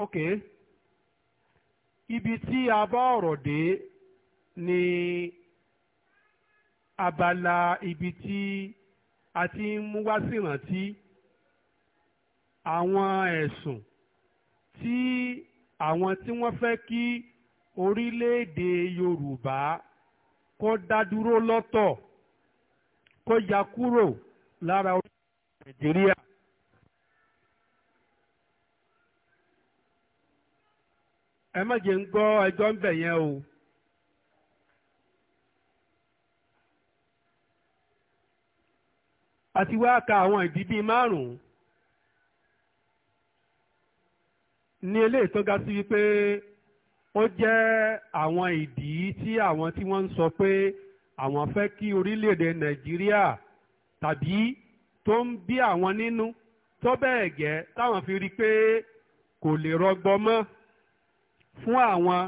ok ibi tí a bá ọ̀rọ̀ dé ni abala ibi tí a ti ń mú wá sí ìrántí àwọn ẹ̀sùn tí àwọn tí wọ́n fẹ́ kí orílẹ̀-èdè Yorùbá kó dá dúró lọ́tọ̀ kó ya kúrò lára orílẹ̀-èdè Nàìjíríà. ẹ má jẹ́ ń gbọ́ ẹjọ́ ń bẹ̀ yẹn o. àti wá ka àwọn ìdí bíi márùn-ún ní eléyìí tó ga sí wípé ó jẹ́ àwọn ìdí tí àwọn tí wọ́n ń sọ pé àwọn fẹ́ kí orílẹ̀-èdè nàìjíríà tàbí tó ń bí àwọn nínú tó bẹ́ẹ̀ gẹ́ táwọn fi rí i pé kò lè rọgbọ mọ́ fún àwọn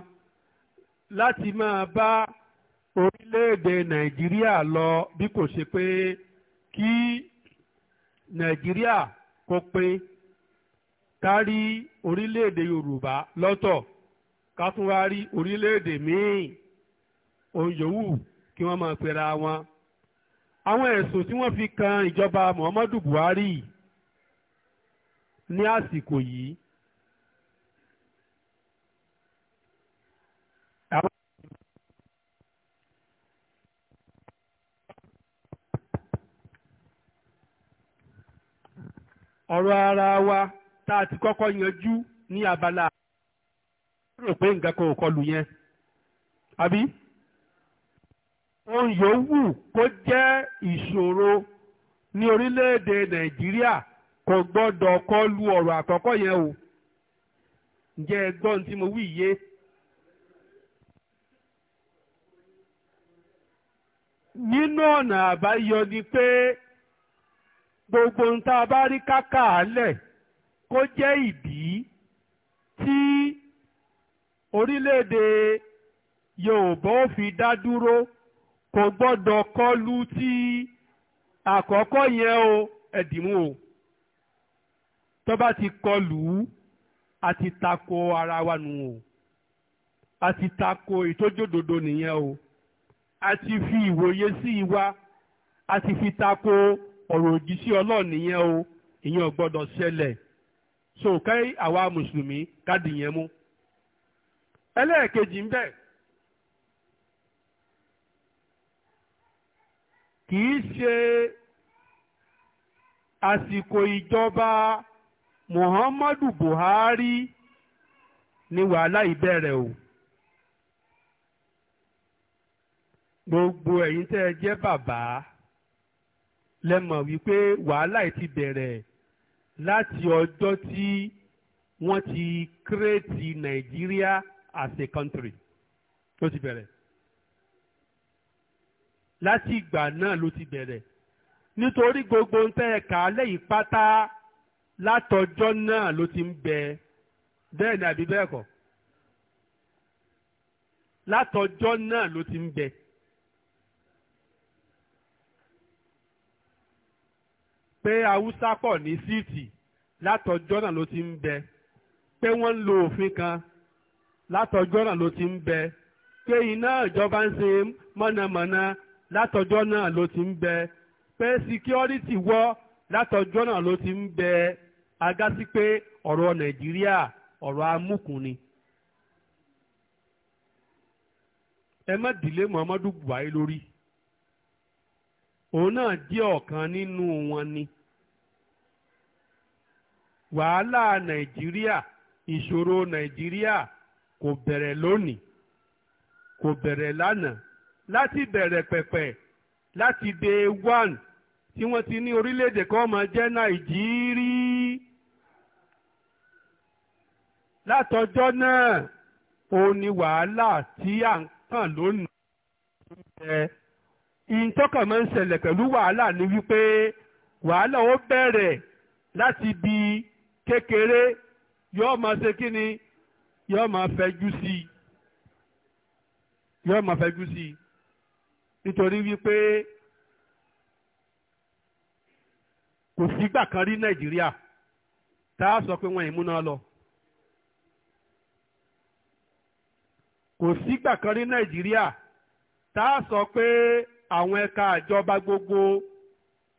láti máa bá orílẹ̀-èdè nàìjíríà lọ bí kò ṣe pé kí nàìjíríà kó pé kárí orílẹ̀-èdè yorùbá lọ́tọ̀ ká tún wá rí orílẹ̀-èdè míì òyòwù kí wọ́n máa pera wọn àwọn ẹ̀sùn tí wọ́n fi kan ìjọba muhammadu buhari ní àsìkò yìí ọ̀rọ̀ ara wa tá a ti kọkọ yanjú ní abala rò pé nǹkan kan ò kọlù yẹn àbí ohun yòówù kó jẹ́ ìṣòro ní orílẹ̀-èdè nàìjíríà kò gbọ́dọ̀ kọlù ọ̀rọ̀ àkọ́kọ́ yẹn o ǹjẹ́ ẹ gbọ́ ohun tí mo wí yé. nínú ọ̀nà àbáyọ ni pé gbogbo ń tá a bá rí kákà álẹ̀ kó jẹ́ ìdí tí orílẹ̀-èdè Yorùbá ó fi dá dúró kò gbọ́dọ̀ kọlu ti àkọ́kọ́ yẹn o ẹ̀dìmú o tó bá ti kọlù ú a ti tako ara wa nù o a ti tako ìtójódodo nìyẹn o a fi ìwòye sí i wa a fi tako. ọ̀rọ̀ òdì sí ọlọ́run nìyẹn o ìyẹn ò gbọ́dọ̀ ṣẹlẹ̀ so ká àwa mùsùlùmí káàdì yẹn mú ẹlẹ́ẹ̀kejì ń bẹ̀, kì í ṣe àsìkò ìjọba Muhammadu Buhari ni wàhálà ìbẹ̀rẹ̀ o gbogbo ẹ̀yin tẹ́ ẹ jẹ́ bàbá. lẹ́mọ̀ wípé wàhálà yìí ti bẹ̀rẹ̀ láti ọjọ́ tí wọ́n ti kírètì nàìjíríà as a country ló ti bẹ̀rẹ̀ láti ìgbà náà ló ti bẹ̀rẹ̀ nítorí gbogbo ń tẹ́ ẹ̀ka lẹ́yìn pátá látọjọ́ náà ló ti ń bẹ bẹ́ẹ̀ ni àbí bẹ́ẹ̀ kọ́ látọjọ́ náà ló ti ń bẹ. pé haúsá pọ̀ ní síìtì látọjọ́ náà ló ti ń bẹ pé wọ́n ń lo òfin kan látọjọ́ náà ló ti ń bẹ pé iná ìjọba ń ṣe mọ̀nàmọ́ná látọjọ́ náà ló ti ń bẹ pé síkírọ́rìtì wọ́ látọjọ́ náà ló ti ń bẹ agá pé ọ̀rọ̀ nàìjíríà ọ̀rọ̀ amúkùn ni. ẹ má dìlé muhammadu buhari lórí. òun náà jẹ́ ọ̀kan nínú wọn ni wàhálà nàìjíríà ìṣòro nàìjíríà kò bẹ̀rẹ̀ lónìí kò bẹ̀rẹ̀ lánàá láti bẹ̀rẹ̀ pẹ̀pẹ̀ láti dé one tí wọ́n ti ní orílẹ̀-èdè kan máa jẹ́ nàìjírí látọjọ́ náà òun ni wàhálà tí à ń kàn lónìí. ìtọ́kàn máa ń ṣẹlẹ̀ pẹ̀lú wàhálà ni wípé wàhálà ó bẹ̀rẹ̀ láti bi kékeré yóò máa ṣe kí ni yóò máa fẹjú sí i yóò máa fẹjú sí i nítorí wípé kò sígbà kan rí nàìjíríà tá a sọ pé wọn ìmúná lọ. kò sígbà kan rí nàìjíríà tá a sọ pé àwọn ẹ̀ka àjọba gbogbo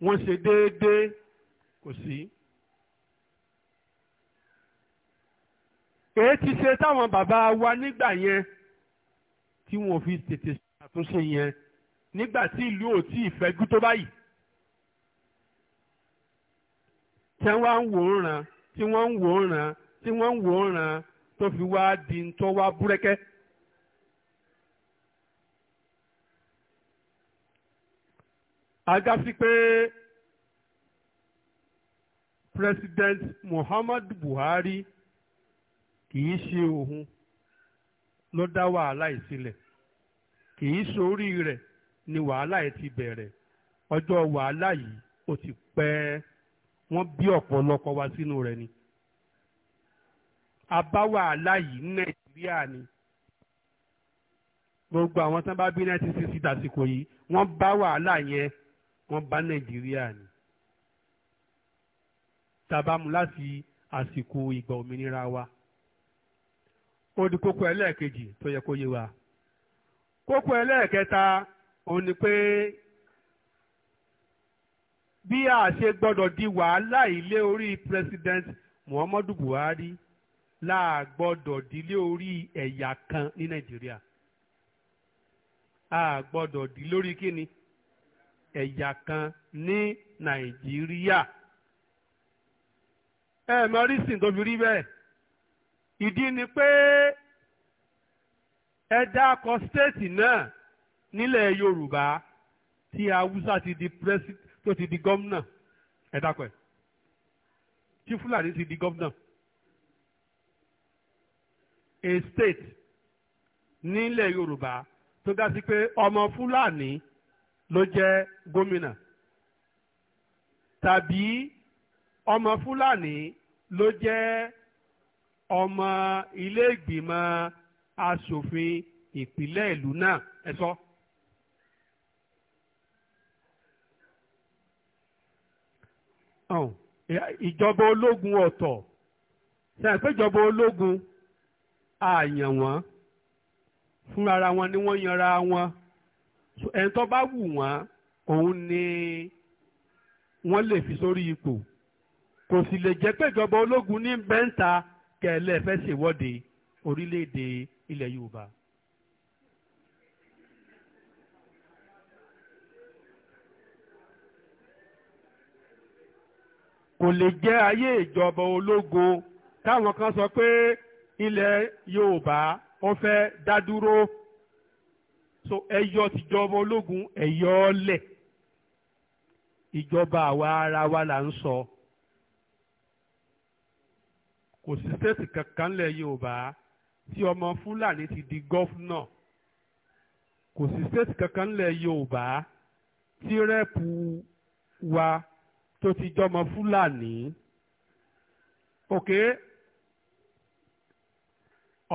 wọ́n ṣe déédéé kò sí. èé ti ṣe táwọn bàbá wa nígbà yẹn tí wọn ò fi tètè ṣàtúnṣe yẹn nígbà tí ìlú ò tí ì fẹ́jú tó báyìí. tí wọ́n ń wò ó ràn tí wọ́n ń wò ó ràn tí wọ́n ń wò ó ràn tó fi wá di ń wá búrẹ́kẹ́. ajá pé president Muhammad Buhari kì í ṣe òun ló dá wàhálà yìí sílẹ̀ kì í sórí rẹ̀ ni wàhálà yìí ti bẹ̀rẹ̀ ọjọ́ wàhálà yìí ó ti pẹ́ wọ́n bí ọ̀pọ̀lọpọ̀ wá sínú rẹ̀ ni abá wàhálà yìí Nàìjíríà ni gbogbo àwọn tán bá bí 1960 dàsìkò yìí wọ́n bá wàhálà yẹn wọ́n bá nàìjíríà ni tabamu láti àsìkò ìgbà òmìnira wa ó di kókó ẹlẹ́ẹ̀kejì tó yẹ kó yé wa kókó ẹlẹ́ẹ̀kẹta òun ní pé bí a ṣe gbọ́dọ̀ di wàhálà ilé orí president muhammadu buhari la gbọ́dọ̀ dílé orí ẹ̀yà kan ní nàìjíríà a gbọ́dọ̀ dí lórí kíni. ẹ̀yà kan ní nàìjíríà ẹ mọ rísìn tó fi rí bẹ́ẹ̀ ìdí ni pé ẹ dákọ stéètì náà nílẹ̀ yorùbá tí haúsá ti di pírẹsì tó ti di gómìnà ẹ dákọ ẹ tí fúlàní ti di gómìnà a state nílẹ̀ yorùbá tó dá sí pé ọmọ fúlàní ló jẹ́ gómìnà tàbí ọmọ fúlàní ló jẹ́ ọmọ ilé asòfin ìpínlẹ̀ ìlú náà ẹ sọ. ìjọba ológun ọ̀tọ̀ sẹ́yìn pé ìjọba ológun àyàn wọ́n fúnra wọn ni wọ́n yanra wọn. ẹni tó bá wù wọ́n òun ni wọ́n lè fi sórí ipò kò sì lè jẹ́ pé ìjọba ológun ní bẹ́ńtà kẹ̀lẹ́ fẹ́ ṣèwọ́de orílẹ̀-èdè Yorùbá. kò lè jẹ́ ayé ìjọba ológo táwọn kan sọ pé ilẹ̀ Yorùbá ó fẹ́ dá dúró so ẹyọ tìjọba ológun ẹyọ ọlẹ ìjọba àwa ara wa là ń sọ kò sí sẹ́ẹ̀tì kankan lẹ̀ Yorùbá tí ọmọ Fúlàní ti di gọ́fúnà kò sí sẹ́ẹ̀tì kankan lẹ̀ Yorùbá tí rẹ́ẹ̀pù wa tó ti jọmọ Fúlàní òkè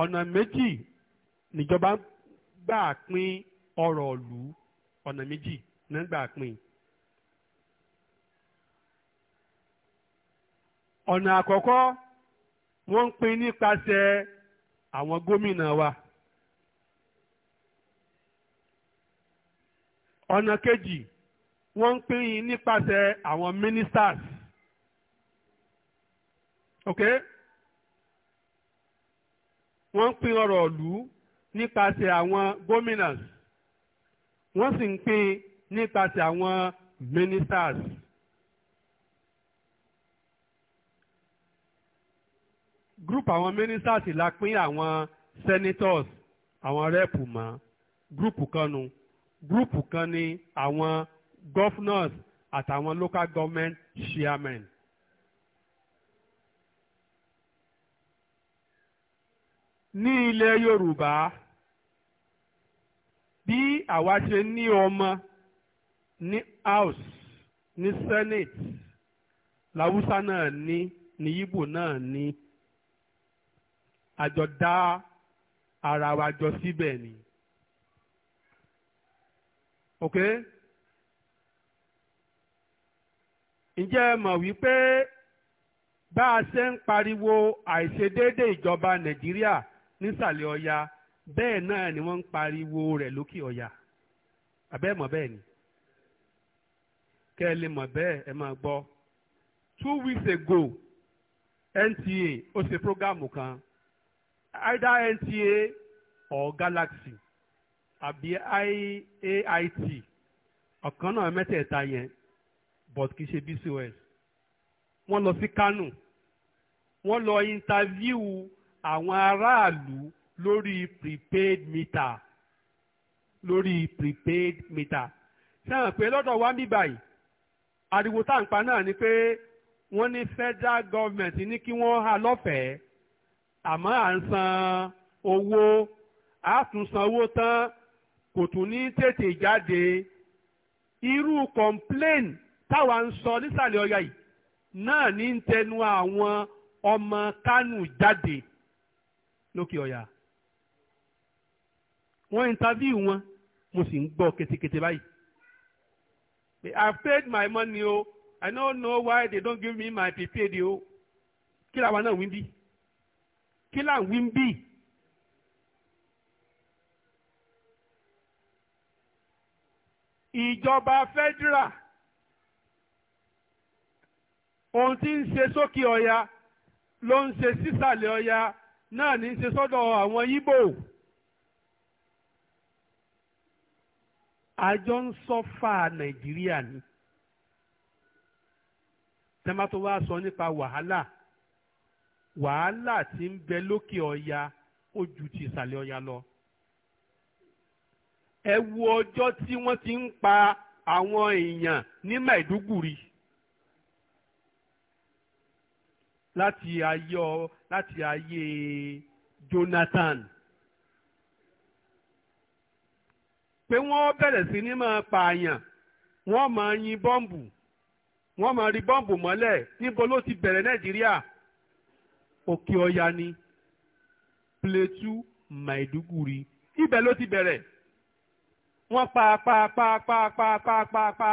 ọ̀nà méjì níjọba gbà pín ọrọ̀ ìlú ọ̀nà méjì náà gbà pín. ọ̀nà àkọ́kọ́ wọ́n ń pín nípasẹ̀ àwọn gómìnà wa. ọ̀nà kejì wọ́n ń pín in nípasẹ̀ àwọn ministers ok wọ́n ń pín ọrọ̀ ìlú nípasẹ̀ àwọn gómìnàs wọ́n sì ń pín nípasẹ̀ àwọn ministers. group àwọn ministers la pín àwọn senators àwọn rẹ́pù mọ́ group kan nu group kan ní àwọn governors àtàwọn local government chairmen. ní ilẹ̀ Yorùbá bí àwa ṣe ní ọmọ ní house ní senate làwùsá náà ní ní Yíbò náà ní àjọ dá ara wa jọ síbẹ̀ ni. ok ǹjẹ́ ẹ mọ̀ wípé bá a ṣe ń pariwo àìṣedéédé ìjọba Nàìjíríà nísàlẹ̀ ọya bẹ́ẹ̀ náà ni wọ́n ń pariwo rẹ̀ lókè ọya àbẹ́ mọ̀ bẹ́ẹ̀ ni kẹ́ ẹ lè mọ̀ bẹ́ẹ̀ ẹ máa gbọ́ two weeks ago NTA ó ṣe prógámù kan either NTA or Galaxy àbí iait, ọ̀kan náà mẹ́tẹ̀ẹ̀ta yẹn but kì í ṣe BCOS wọ́n lọ sí Kánò wọ́n lọ intaviu àwọn aráàlú lórí prepaid meter lórí prepaid meter sẹ́wọ̀n pé lọ́dọ̀ wa ní báyìí ariwo tá à náà ni pé wọ́n ní federal government ní kí wọ́n ha lọ́fẹ̀ẹ́ àmọ́ à ń san owó a tún san owó tán kò tún ní tètè jáde irú complain táwa ń sọ nísàlẹ̀ ọ̀yà yìí náà ní tẹnu àwọn ọmọ Kánò jáde lókè ọ̀yà wọ́n interview wọn mo sì ń gbọ́ ketekete báyìí they paid my money o I no know why they don't give me my prepaid o kí làwọn náà wí bí kí làwọn wí bí. ìjọba federal ohun tí ń ṣe sókè ọya ló ń ṣe sísàlẹ̀ ọya náà ní ṣe sọ́dọ̀ àwọn Yíbò àjọ ń sọ́fà Nàìjíríà ni tẹ́má tó wá sọ nípa wàhálà wàhálà tí ń bẹ lókè ọya ó ju ti ìsàlẹ̀ ọya lọ ẹ wo ọjọ́ tí wọ́n ti ń pa àwọn èèyàn ní Maiduguri. láti ayé láti ayé Jonathan pé wọ́n bẹ̀rẹ̀ sí ní máa pààyàn wọ́n máa yin bọ́ǹbù wọ́n máa rí bọ́ǹbù mọ́lẹ̀ níbo ló ti bẹ̀rẹ̀ Nàìjíríà Òkè Ọya ni Plateau Maiduguri ibẹ̀ ló ti bẹ̀rẹ̀ wọ́n pa pa pa pa pa pa pa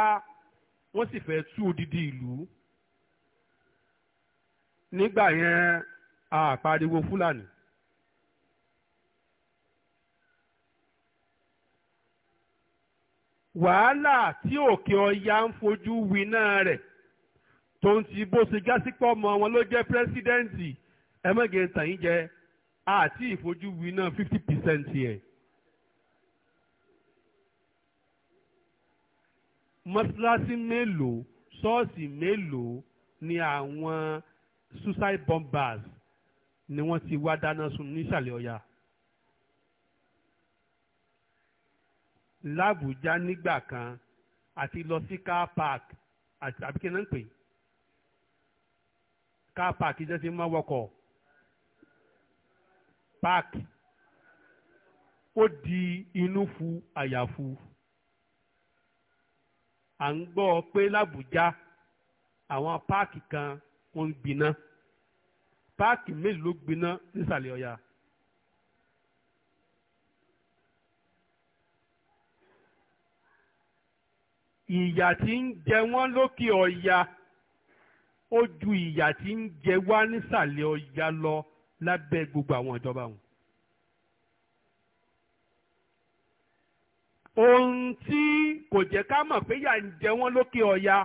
wọ́n sì fẹ́ tú odidi ìlú nígbà yẹn a pariwo fúlàní. wàhálà tí òkè ọya ń fojú winá rẹ̀ tó ń ti bó ṣe jásípọ̀ ọmọ wọn ló jẹ́ pírẹ́sídẹ́ǹtì ẹ̀mẹ́gẹ̀ tàyín jẹ́ àti ìfojú winá fifty percent yẹn. mọ́ṣáláṣí mélòó ṣọ́ọ̀ṣì mélòó ni àwọn suicide bombers ni wọ́n ti wá dáná sun nísàlẹ̀ ọ̀yà. lábùjá nígbà kan àti lọ sí car park àbí kí n náà ń pè car park jẹ́ ti máa wọkọ̀ park ó di inú fu àyàfu à ń gbọ́ pé lábùjá àwọn páàkì kan ó ń gbiná páàkì méjì ló gbiná nísàlẹ̀ ọ̀yà. ìyà tí ń jẹ wọ́n lókè ọ̀yà ó ju ìyà tí ń jẹ wá nísàlẹ̀ ọ̀yà lọ lábẹ́ gbogbo àwọn ìjọba wọn. ohun tí kò jẹ́ ká mọ̀ pé ìyà ń jẹ wọ́n lókè ọ̀yà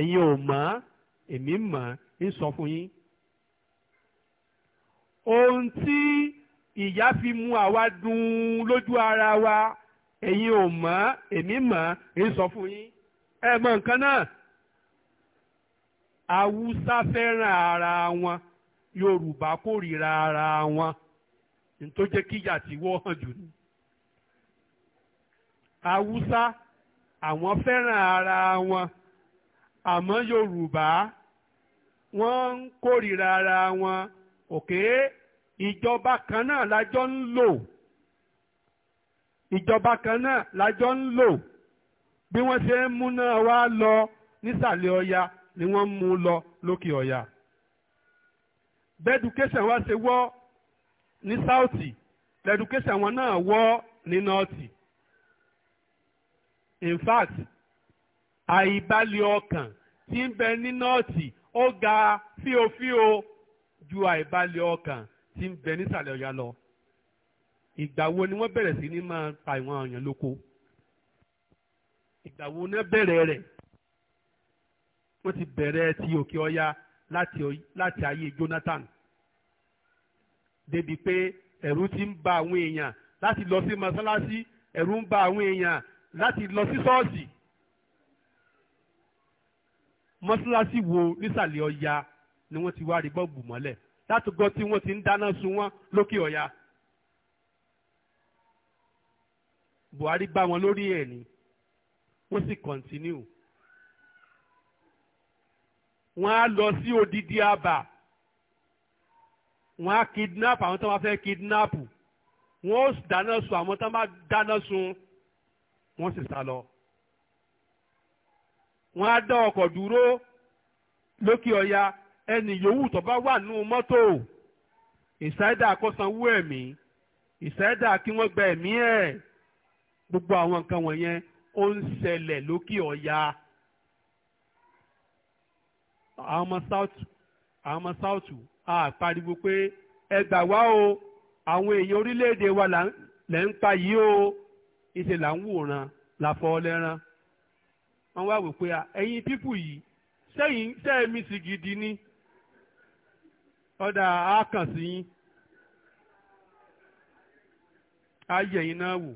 ẹ̀yin ò mọ̀ èmi mọ̀ ń sọ fún yín ohun tí ìyá fi mú àwa dùn lójú ara wa ẹ̀yin ò mọ̀ èmi mọ̀ ń sọ fún yín ẹ mọ̀ nǹkan náà haúsá fẹ́ràn ara wọn yorùbá kórìíra ara wọn ní tó jẹ́ kíyà tí wọ́n hàn jù ní haúsá àwọn fẹ́ràn ara wọn àmọ́ yorùbá wọ́n ń kórìíra ara wọn òkè ìjọba kan náà lájọ́ ń lò ìjọba kan náà lájọ́ ń lò bí wọ́n ṣe ń mú náà wá lọ nísàlẹ̀ ọya ni wọ́n ń mú lọ lókè ọya bẹ́ẹ̀dùkẹ́sàn wa ṣe wọ́ ní sáùtì lẹ́dùkẹ́sàn wọn náà wọ́ ní nọ́ọ̀tì in fact àìbalẹ̀ ọkàn tí ń bẹ ní nọ́ọ̀tì ó ga fíofío ju àìbalẹ̀ ọkàn tí ń bẹ nísàlẹ̀ ọ̀yà lọ. ìgbà wo ni wọ́n bẹ̀rẹ̀ sí ní máa pa ìwọ̀n ọ̀yàn lóko ìgbà wo náà bẹ̀rẹ̀ rẹ̀ wọ́n ti bẹ̀rẹ̀ ti òkè ọya láti ayé Jonathan débi pé ẹ̀rù ti ń ba àwọn èèyàn láti lọ sí mọ́sálásí ẹ̀rù ń ba àwọn èèyàn láti lọ sí ṣọ́ọ̀ṣì mọ́ṣáláṣí wo nísàlẹ̀ ọya ni wọ́n ti wá rí bọ́ọ̀bù mọ́lẹ̀ látọgọ́ tí wọ́n ti ń dáná sun wọ́n lókè ọya. Buhari bá wọn lórí ẹ̀ ni wọ́n sì kọ̀ǹtínú. wọ́n á lọ sí odidi àbà wọ́n á kidnap àwọn tó máa fẹ́ kidnap wọ́n ó dáná sun àwọn tó máa dáná sun wọ́n sì sá lọ. wọn á dá ọkọ̀ dúró lókè ọya ẹni yòówù tó bá wà nínú mọ́tò ìsáídà kó ẹ̀mí ìsáídà kí wọ́n gba ẹ̀mí ẹ̀ gbogbo àwọn nǹkan wọ̀nyẹn ó ń ṣẹlẹ̀ lókè ọya àwọn ọmọ south àwọn ọmọ south a pariwo pé ẹ gbà wá o àwọn èèyàn orílẹ̀-èdè wa lẹ́ ń pa yìí o ìṣe là ń wòran là fọ́ ọ wọ́n wá wò pé ẹ̀yin pípù yìí sẹ́yìn sẹ́ẹ̀mí sì gidi ni ọ̀dà á yín á yẹ̀ yín náà wò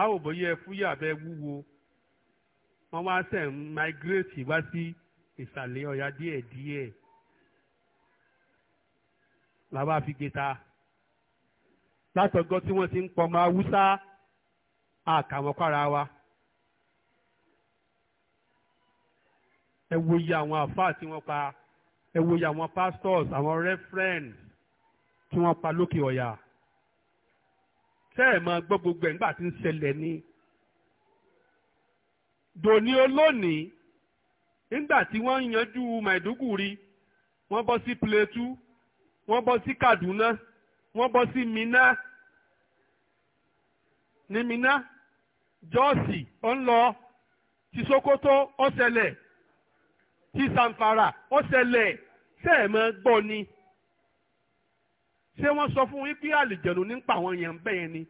á wò bóyá ẹ fúyà wúwo wọ́n wá sẹ̀ ń migrate wá sí ìsàlẹ̀ ọ̀yà díẹ̀díẹ̀ làwa fi gé ta látọ̀gọ́ tí wọ́n ti ń pọ̀ mọ́ àkàwọn kọ́ra wa. ẹ wo iye àwọn àfáà tí wọ́n pa ẹ wo iye àwọn pastors àwọn reference tí wọ́n pa lókè ọ̀yà tẹ́ẹ̀ máa gbọ́ gbogbo ẹ̀ nígbà tí ń ṣẹlẹ̀ ni dòní olónìí nígbà tí wọ́n ń yanjú Maiduguri wọ́n bọ́ sí Plateau wọ́n bọ́ sí Kaduna wọ́n bọ́ sí mina, ní Minna Jọ́ọ̀sì ó ń lọ ti Sokoto ó ṣẹlẹ̀ ti Zamfara ó ṣẹlẹ̀ ṣé ẹ̀ máa gbọ́ ni ṣé wọ́n sọ fún yín pé àlùjẹ̀nu nípa àwọn yẹn bẹ́ẹ̀ ni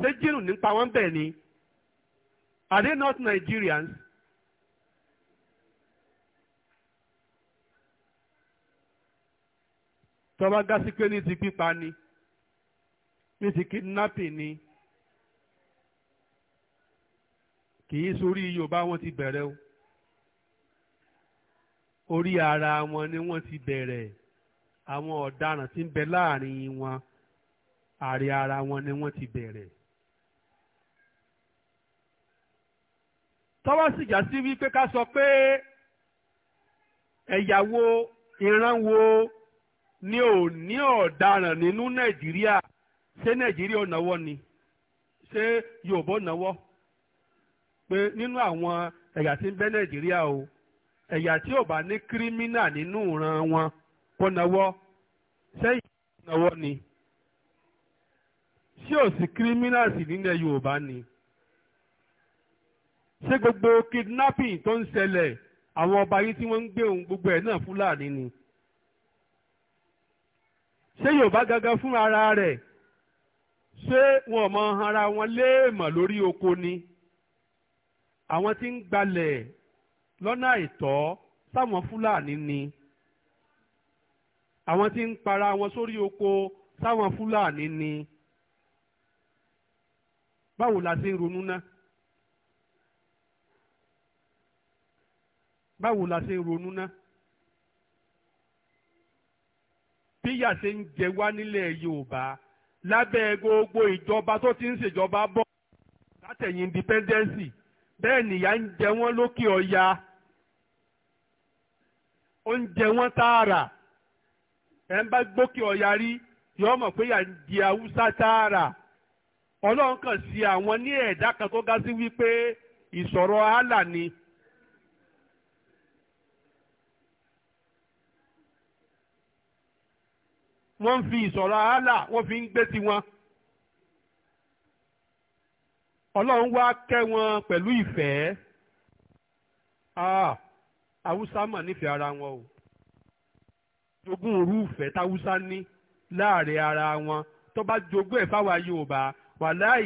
ṣé jìnnù nípa wọn bẹ́ẹ̀ ni are they not Nigerians? tọ́ba gá sí pé ní ti pípa ni ní ti kidnapping ni kì í sórí Yorùbá wọn ti bẹ̀rẹ̀ o orí ara wọn ni wọ́n ti bẹ̀rẹ̀ àwọn ọ̀daràn tí ń bẹ láàrin wọn àrí ara wọn ni wọ́n ti bẹ̀rẹ̀. tọ́wọ́ sì já sí wípé ká sọ pé ẹ̀yà wo ìran ni ò ní ọ̀daràn nínú nàìjíríà ṣé nàìjíríà ò ni ṣé yorùbá ò pé nínú àwọn ẹ̀yà tí ń bẹ nàìjíríà o ẹ̀yà tí ò bá ní kírímínà nínú ìran wọn kó nawọ́ sẹ́yìn nawọ́ ni ṣé ò sí kírímínà sí nílẹ̀ Yorùbá ni ṣé gbogbo kidnapping tó ń ṣẹlẹ̀ àwọn ọba yìí tí wọ́n ń gbé ohun gbogbo ẹ̀ náà Fúlàní ni ṣé Yorùbá gangan fún ara rẹ̀ ṣé wọn mọ ara wọn léèmọ̀ lórí oko ni àwọn tí ń gbalẹ̀ lọ́nà àìtọ́ sáwọn fúlàní ni àwọn tí ń para wọn sórí oko sáwọn fúlàní ni báwo la ṣe ń ronú náà báwo la ṣe ń ronú náà bíyà ṣe ń jẹ wá nílẹ̀ Yorùbá lábẹ́ gbogbo ìjọba tó ti ń ṣèjọba bọ̀ látẹ̀yìn independence bẹ́ẹ̀ nìyà ń jẹ wọ́n lókè ọya oúnjẹ wọn tààrà ẹ̀ ń bá gbókè ọ̀yà rí yọ mọ̀ pé yà ń di haúsá tààrà ọlọ́run kàn sí àwọn ní ẹ̀dá kan tó ga sí wípé ìsọ̀rọ̀ ààlà ni. wọ́n ń fi ìsọ̀rọ̀ ààlà wọ́n fi ń gbé tiwọn. ọlọ́run wá kẹ́ wọn pẹ̀lú ìfẹ́. Ah haúsá mà nífẹ̀ẹ́ ara wọn o jogún irúfẹ́ táwúsá ní láàrin ara wọn tó bá jogún ẹ̀ fáwa yorùbá wàláì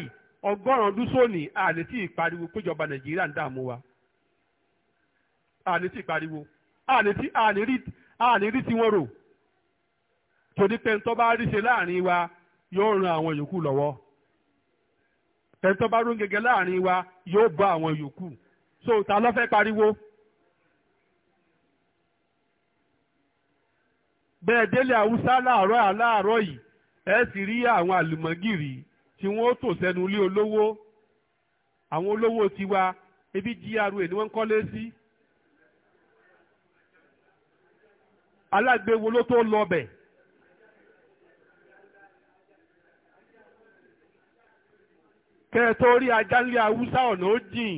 ọgọ́rùn-ún ọdún sóòní àní tí ìpariwo péjọba nàìjíríà ń dààmú wa àní tí ìpariwo àní tí àní rí tiwọn rò torí pé ntọ́ bá ríṣe láàrin wa yóò ran àwọn yòókù lọ́wọ́ ẹ̀ńtọ́ bá rún gẹ́gẹ́ láàrin wa yóò bọ́ àwọn yòókù so ta ló pariwo. bẹ́ẹ̀ délé haúsá láàárọ̀ aláàárọ̀ yìí ẹ sì rí àwọn àlùmọ́gìrì tí wọ́n tò sẹ́nu ilé olówó àwọn olówó tiwa ebi gra ni wọ́n ń kọ́lé sí. alágbèwò ló tó lọ bẹ̀. kẹ́ẹ̀tọ́ rí ajá ńlẹ̀ haúsá ọ̀nà ó jìn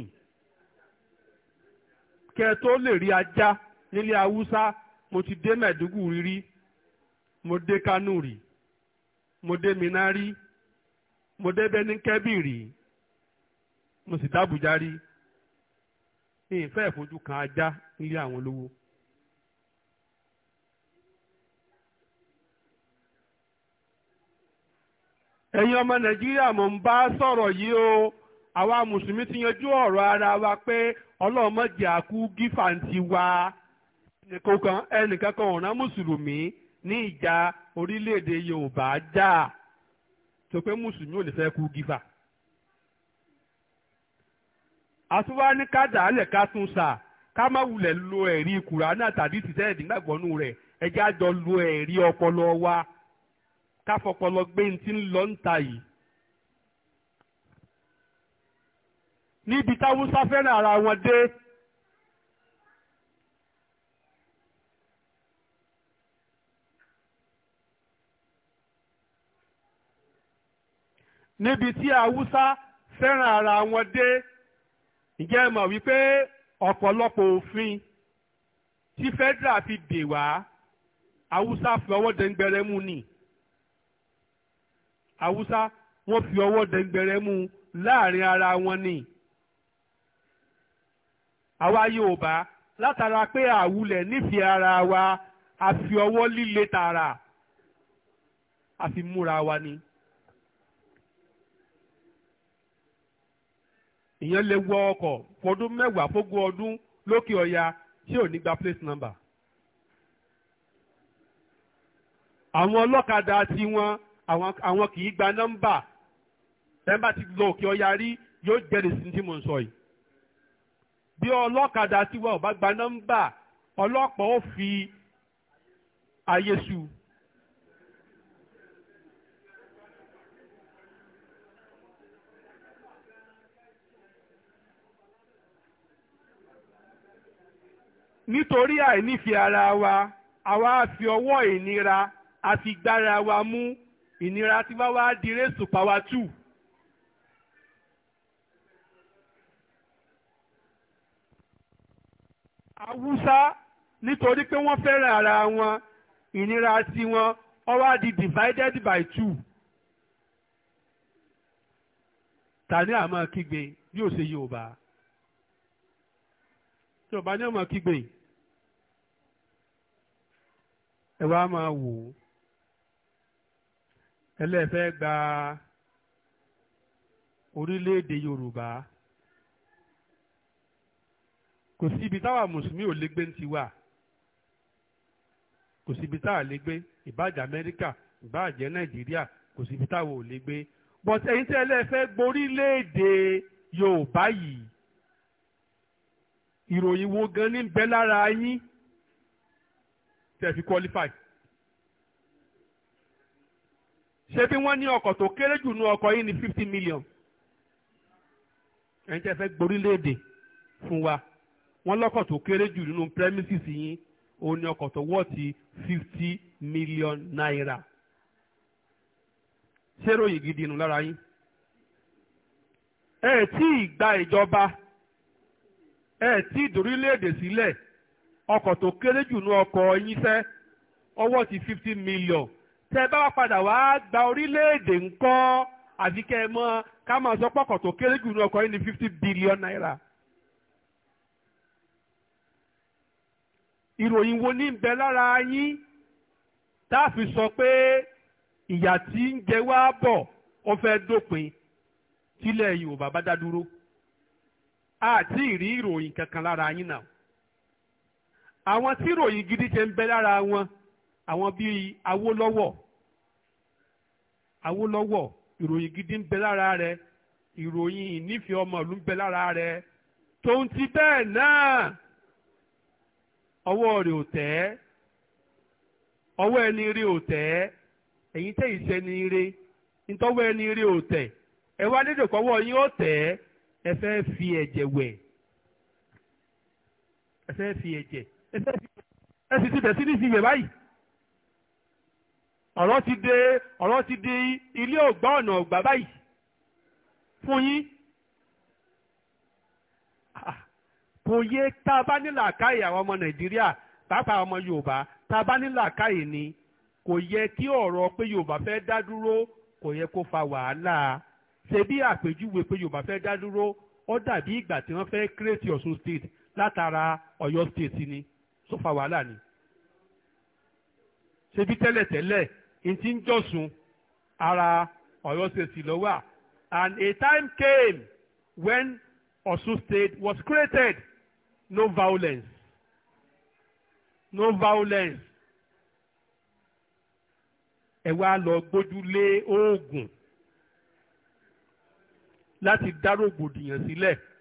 kẹ́ẹ̀tọ́ lè rí ajá mo ti dé rírí. mo dé Kánò rí mo dé Minna rí mo dé Bẹ́nikẹ́bì rí mo sì dábùjá rí ní ìfẹ́ ìfojú kan ajá nílé àwọn olówó. ẹ̀yin ọmọ Nàìjíríà mò ń bá sọ̀rọ̀ yìí o àwa mùsùlùmí ti yanjú ọ̀rọ̀ ara wa pé ọlọ́mọdé àkú gífàǹtì wa ẹnìkan kan ọ̀nà mùsùlùmí ní ìjà orílẹ̀-èdè Yorùbá já tó pé mùsùlùmí ò lè fẹ́ kú gífà àtúwá ní kájà á ká tún sà ká má wulẹ̀ lo ẹ̀rí náà tàbí rẹ̀ ẹjẹ́ lo ẹ̀rí ọpọlọ wa ká fọpọlọ gbé ní lọ ń ta yìí. níbi táwọn ara wọn dé níbi tí haúsá fẹ́ràn ara wọn dé ǹjẹ́ ẹ mọ̀ wípé ọ̀pọ̀lọpọ̀ òfin tí federal fi dè wá haúsá fi ọwọ́ dẹ́ngbẹ̀rẹ́ mú ni haúsá wọ́n fi ọwọ́ dẹ́ngbẹ̀rẹ́ mú láàrin ara wọn ni àwa Yorùbá látara pé àwulẹ̀ nífẹ̀ẹ́ ara wa a fi ọwọ́ líle tààrà a fi múra wa ni. ìyẹn lè wọ ọkọ̀ fọdún mẹ́wàá fógún ọdún lókè ọya tí ò ní gba plate number. àwọn ọlọ́kadà tiwọn àwọn kì í gba nọ́mbà tẹ́ńbà ti lọ òkè ọya rí yóò jẹ́rìí sí tí mo ń sọ yìí. bí ọlọ́kadà tiwọn ò bá gba nọ́mbà ọlọ́pàá ó fi ayé su. nítorí àìnífẹ̀ẹ́ ara wa àwa fi ọwọ́ ìnira àti gbára wa mú ìnira tí wá wá di rẹ́sù pàwá tù. Awúsá nítorí pé wọ́n fẹ́ràn ara wọn ìnira tiwọn ó wá di divided by two. tani àmọ́ kígbe yóò ṣe Yorùbá Yorùbá ni ọmọ kígbe yìí ẹ wá máa wò ó ẹlẹ́fẹ́ gba orílẹ̀-èdè Yorùbá kò sí ibi táwa mùsùlùmí ò lè gbé ń ti wà kò sí ibi táwa lè gbé ìbáàjà Amẹ́ríkà ìbáàjẹ́ Nàìjíríà kò sí ibi táwa ò lè gbé but ẹ̀yin tí ẹlẹ́fẹ́ gborílẹ̀-èdè Yorùbá yìí ìròyìn wo gan ní bẹ́ lára yín tẹ́ fi qualify. ṣé bí wọ́n ní ọkọ̀ tó kéré jù nú ọkọ̀ yìí ní fifty million ẹ̀yin tẹ́ fẹ́ gborílẹ̀-èdè fún wa wọ́n lọ́kọ̀ tó kéré jù nínú premises yín òun ni ọkọ̀ tó wọ́ọ̀tì fifty million naira ṣé ròyìn gidi nù lára yín ẹ tí ì gba ìjọba ẹ tí ì dórílẹ̀-èdè sílẹ̀ ọkọ̀ tó kéré jù ní ọkọ̀ yín ọwọ́ ti fifty million tẹ́ bá wá padà wá gba orílẹ̀-èdè ńkọ́ àti kẹ́ ẹ sọ pọ́kọ̀ tó kéré jù ní ọkọ̀ yín billion naira. ìròyìn wo ní bẹ lára yín sọ pé ìyà tí ń jẹ wá bọ̀ ó fẹ́ dópin tílẹ̀ Yorùbá bá dá dúró àti ìròyìn kankan lára yín àwọn tí ròyìn gidi ṣe ń bẹ lára wọn àwọn bíi awolowo awolowo ìròyìn gidi ń bẹ lára rẹ ìròyìn ìnífẹ̀ẹ́ ọmọ ìlú ń bẹ lára rẹ tó ń ti bẹ́ẹ̀ náà ọwọ́ rẹ ò tẹ́ ọwọ́ ẹni rẹ̀ ò tẹ́ ẹ̀yin tẹ́ ìṣẹ́ni rẹ̀ ntọ́wọ́ ẹni rẹ̀ ò tẹ́ ẹ wá yín ó tẹ́ ẹ fẹ́ fi ẹ̀jẹ̀ wẹ̀ ẹ fẹ́ fi ẹ̀jẹ̀ ẹ sì ti tẹ̀sí nífi ìwé báyìí ọ̀rọ̀ ti dé ọ̀rọ̀ ti di ilé ògbà ọ̀nà ògbà báyìí fún yín kò yẹ tá a bá ní làákàyè àwọn ọmọ nàìjíríà pàápàá ọmọ yorùbá tá a bá ní làákàyè ni kò yẹ kí ọ̀rọ̀ pé yorùbá fẹ́ dá dúró kò yẹ kó fa wàhálà ṣe bí àpèjúwe pé yorùbá fẹ́ dá dúró ó dàbí ìgbà tí wọ́n fẹ́ kírètì ọ̀ṣun state látara ọ̀yọ́ state ni tó fa wàhálà ni ṣebí tẹ́lẹ̀tẹ́lẹ̀ n ti ń jọ̀sùn ara Ọ̀yọ́ ṣèṣì ló wà and a time came when Ọ̀ṣun state was created no violence no violence ẹ wá lọ gbójúlé oògùn láti dá rògbòdìyàn sílẹ̀. Si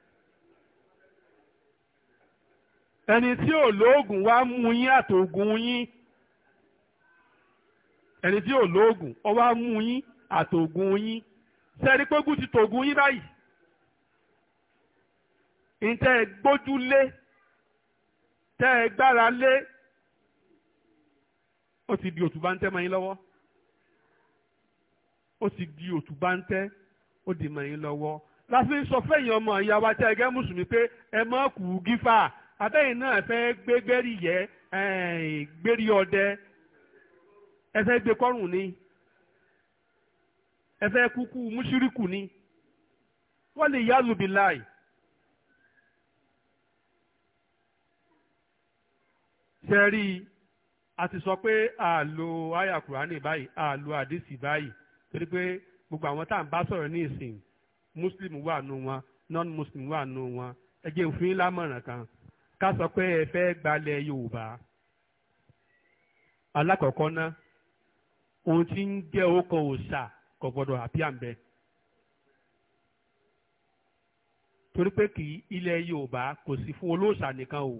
ẹni tí ò lóògùn wá mú yín àtògùn yín ẹni tí ò lóògùn ọ wá mú yín àtògùn yín sẹ́ni pé gùn ti tògùn yín báyìí ìtẹ́ ẹ gbójúlé tẹ́ ẹ gbára lé ó ti di òtún bá ń tẹ́ mọ́ lọ́wọ́ ó ti di òtún bá ń tẹ́ ó di mọ́ lọ́wọ́ láti sọ fẹ́yìn ọmọ ìyá wa tẹ́ ẹ gẹ́ mùsùlùmí pé ẹ má kú gífà abẹ́yìn náà fẹ́ gbé gbẹ́rì yẹ gbẹ́rì ọdẹ ẹ ni efe kuku kúkú ni wọ́n lè yá lùbí láì. a ti sọ pé àlò ayakura kùránì báyìí àlò àdìsí báyìí torí pé gbogbo àwọn tá à ń bá muslim wà nù wọn non muslim wà nù wọn ẹ jẹ́ òfin kan ká sọ pé ẹ fẹ́ gbalẹ̀ Yorùbá alákọ̀ọ́kọ́ ná ohun tí ń jẹ́ orúkọ òòṣà kò gbọ́dọ̀ àbíà torí pé kò sí fún olóòṣà nìkan o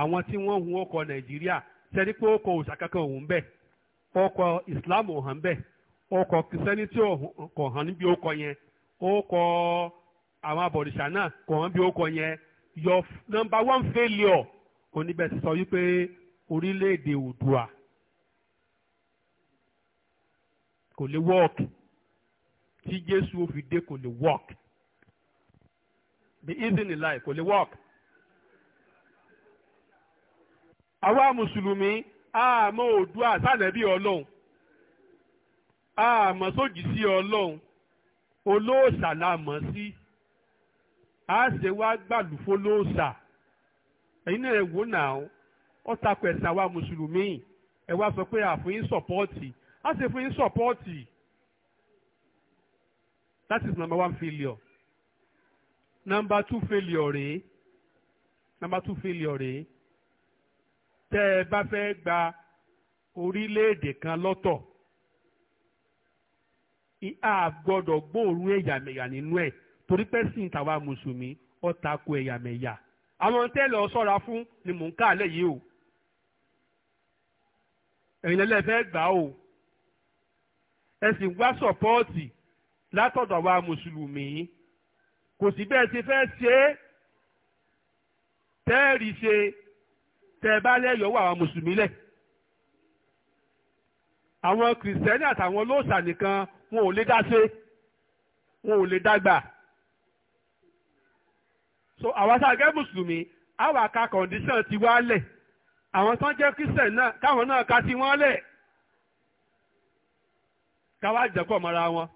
àwọn tí wọ́n hun ọkọ̀ Nàìjíríà sẹ́ni pé ọkọ̀ òòṣà kankan òun bẹ̀ ọkọ̀ Islam ò bẹ̀ ọkọ̀ kìsẹ́ni tí hàn níbi ọkọ̀ yẹn ọkọ̀. àwọn abọ̀rìṣà náà kò wọ́n bí ó kọ yẹn your number one failure oníbẹ̀ ti sọ wípé orílẹ̀-èdè Oòduà kò lè work tí Jésù ó dé kò lè work the easy in life kò lè work. àwa mùsùlùmí àmọ́ Oòduà sànẹ́bí Ọlọ́run àmọ́ sójì sí Ọlọ́run olóòṣà la mọ̀ sí. Si á ṣe wá gbàlúfó lóòṣà ẹ̀yin náà ẹ wò náà ó takò ẹ̀sìn àwa mùsùlùmí ẹ wá sọ pé àfún yín sọ̀pọ́ọ̀tì fún yín sọ̀pọ́ọ̀tì that is number one failure number two failure rèé number two failure rèé tẹ́ ẹ bá fẹ́ gba orílẹ̀-èdè kan lọ́tọ̀ a gbọ́dọ̀ gbóòórùn ẹ̀yàmẹ̀yà nínú ẹ̀. E torí pé sìn tàwa mùsùlùmí ó tako ẹ̀yàmẹ̀yà àwọn tẹ́lẹ̀ ọ̀ṣọ́ra fún ni mò ń kà lẹ̀ yìí o ẹ̀yin lẹ́lẹ́ fẹ́ gbà o ẹ sì wá sọ̀pọ́ọ̀tì látọ̀dọ̀ wa mùsùlùmí kò sí bẹ́ẹ̀ ti fẹ́ ṣe é tẹ́ẹ̀rì ṣe tẹ́ bá lẹ́yọ̀ wà àwọn mùsùlùmí lẹ̀ àwọn kìrìsìtẹ́nì àtàwọn olóòṣà nìkan wọn ò lè dá ṣe wọn ò lè dá gbà so àwọn sáàgẹ́ mùsùlùmí àwọn àka kọ̀ǹdíṣàn ti wá lẹ̀ àwọn tán jẹ́ kírísítẹ̀n náà káwọn náà ka ti wọ́n lẹ̀ káwá jẹ́pọ̀ mọ́ra wọn